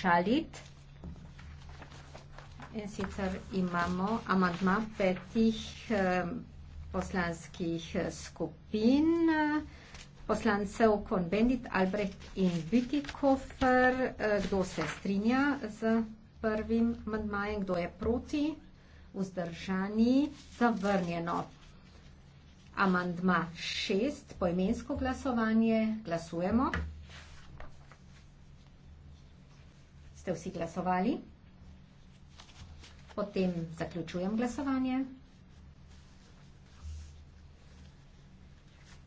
šalit. In sicer imamo amantma petih eh, poslanskih eh, skupin, poslancev Konbendit, Albrecht in Bitikofer, eh, kdo se strinja z prvim amantmajem, kdo je proti, vzdržani, zavrnjeno. Amantma šest, poimensko glasovanje, glasujemo. Amantma šest. ste vsi glasovali. Potem zaključujem glasovanje.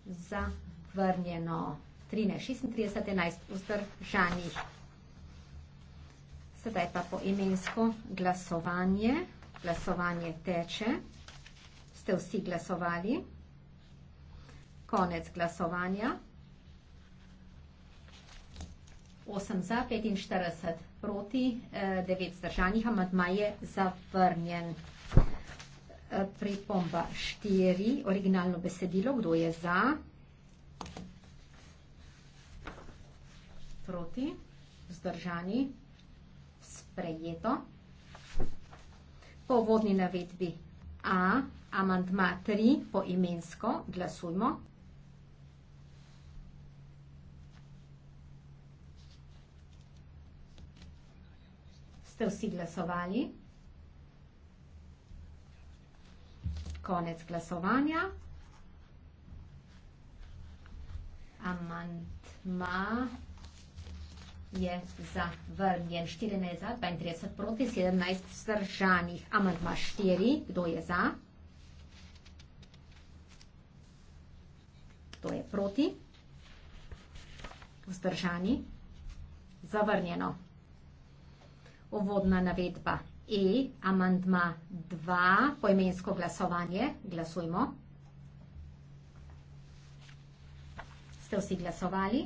Zavrnjeno 13.36, 11 vzdržanih. Sedaj pa po imensko glasovanje. Glasovanje teče. Ste vsi glasovali. Konec glasovanja. 8 za, 45 proti, 9 e, zdržanih, amadma je zavrnjen. E, pripomba 4, originalno besedilo, kdo je za? Proti, zdržani, sprejeto. Po vodni navedbi A, amandma 3, po imensko, glasujmo. Ste vsi glasovali? Konec glasovanja. Amantma je zavrnjen. 14 za, 32 proti, 17 zdržanih. Amantma 4, kdo je za? Kdo je proti? Zdržani? Zavrnjeno uvodna navedba E, amandma 2, poimensko glasovanje. Glasujmo. Ste vsi glasovali?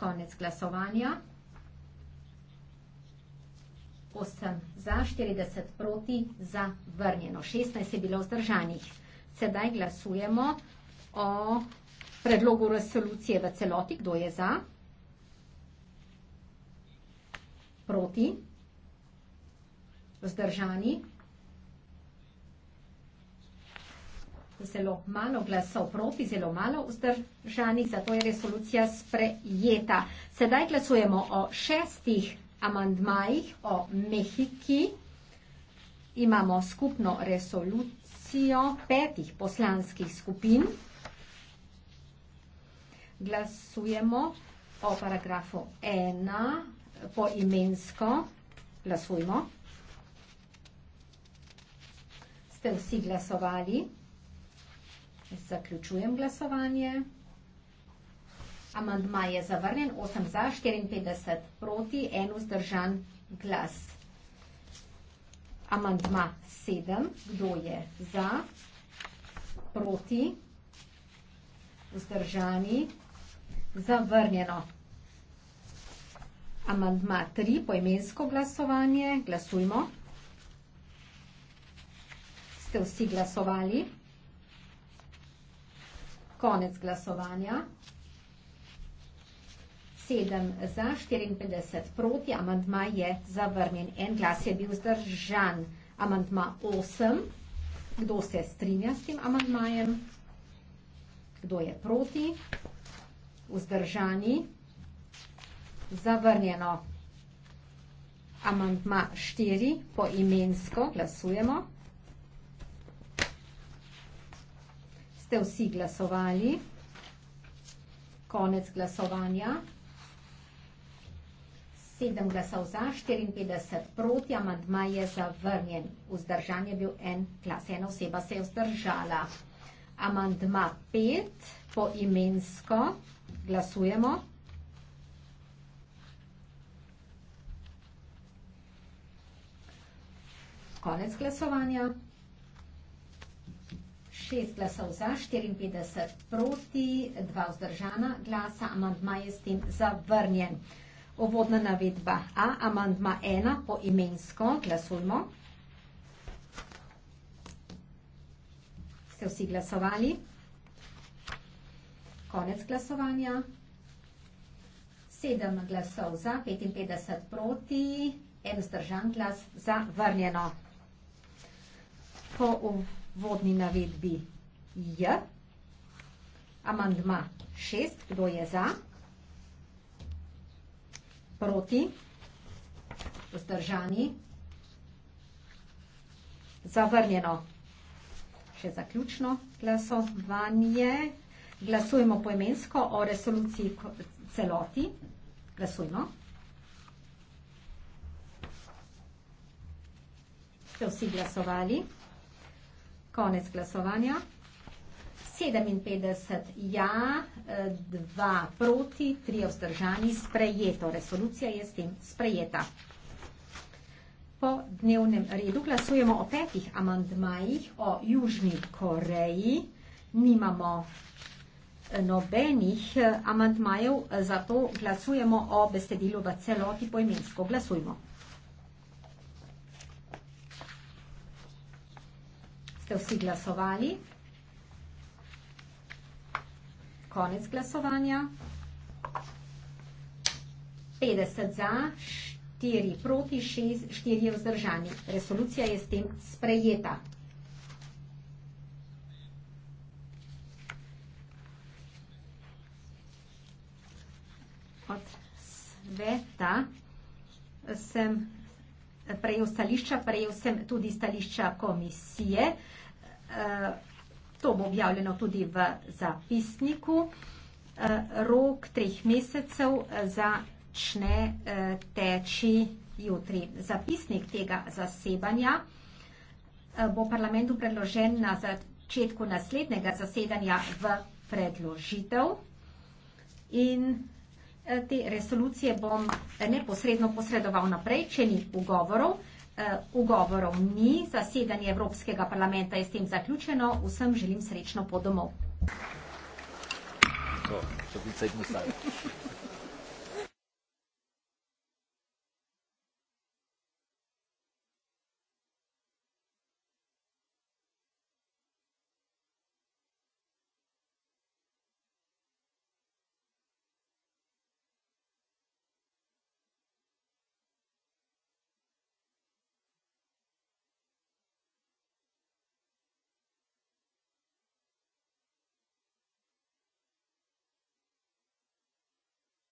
Konec glasovanja. 8 za, 40 proti, za vrnjeno. 16 je bilo vzdržanih. Sedaj glasujemo o predlogu resolucije v celoti. Kdo je za? Kdo je za? proti, vzdržani, zelo malo glasov proti, zelo malo vzdržanih, zato je resolucija sprejeta. Sedaj glasujemo o šestih amandmajih o Mehiki. Imamo skupno resolucijo petih poslanskih skupin. Glasujemo o paragrafu 1, poimensko glasujmo. Ste vsi glasovali? Zaključujem glasovanje. Amandma je zavrnjen, 8 za, 54 proti, en vzdržan glas. Amandma 7, kdo je za, proti, vzdržani, zavrnjeno amandma 3, poimensko glasovanje. Glasujmo. Ste vsi glasovali? Konec glasovanja. 7 za, 54 proti, amandma je zavrnjen. En glas je bil zdržan. Amandma 8. Kdo se strinja s tem amandmajem? Kdo je proti? Vzdržani zavrnjeno. Amantma štiri, poimensko glasujemo. Ste vsi glasovali? Konec glasovanja. Sedem glasov za, 54 proti, amantma je zavrnjen. Vzdržan je bil en glas, ena oseba se je vzdržala. Amantma pet, poimensko glasujemo. Amantma pet, poimensko glasujemo. Konec glasovanja. 6 glasov za, 54 proti, 2 vzdržana glasa, amandma je s tem zavrnjen. Ovodna navedba A, amandma 1 po imensko, glasujmo. Ste vsi glasovali? Konec glasovanja. 7 glasov za, 55 proti, 1 vzdržan glas, zavrnjeno po uvodni navedbi J. Amandma šest, kdo je za? Proti? Vzdržani? Zavrnjeno. Še zaključno glasovanje. Glasujemo poemensko o resoluciji celoti. Glasujmo. Ste vsi glasovali? Glasujmo. Konec glasovanja. 57 ja, 2 e, proti, 3 vzdržani, sprejeto. Resolucija je s tem sprejeta. Po dnevnem redu glasujemo o petih amandmajih o Južni Koreji. Nimamo e, nobenih e, amandmajev, zato glasujemo o besedilu v celoti poimensko. Glasujmo. ste vsi glasovali. Konec glasovanja. 50 za, 4 proti, 6, 4 je vzdržani. Resolucija je s tem sprejeta. Od sveta sem prejel stališča, prejel sem tudi stališča komisije. Eh, to bo objavljeno tudi v zapisniku. Eh, rok treh mesecev eh, začne teči jutri. Zapisnik tega zasebanja bo parlamentu predložen na začetku naslednjega zasedanja v predložitev. In Eh, te resolucije bom eh, neposredno posredoval naprej, če ni ugovorov. Eh, ugovorov ni, zasedanje Evropskega parlamenta je s tem zaključeno. Vsem želim srečno po domov. To, to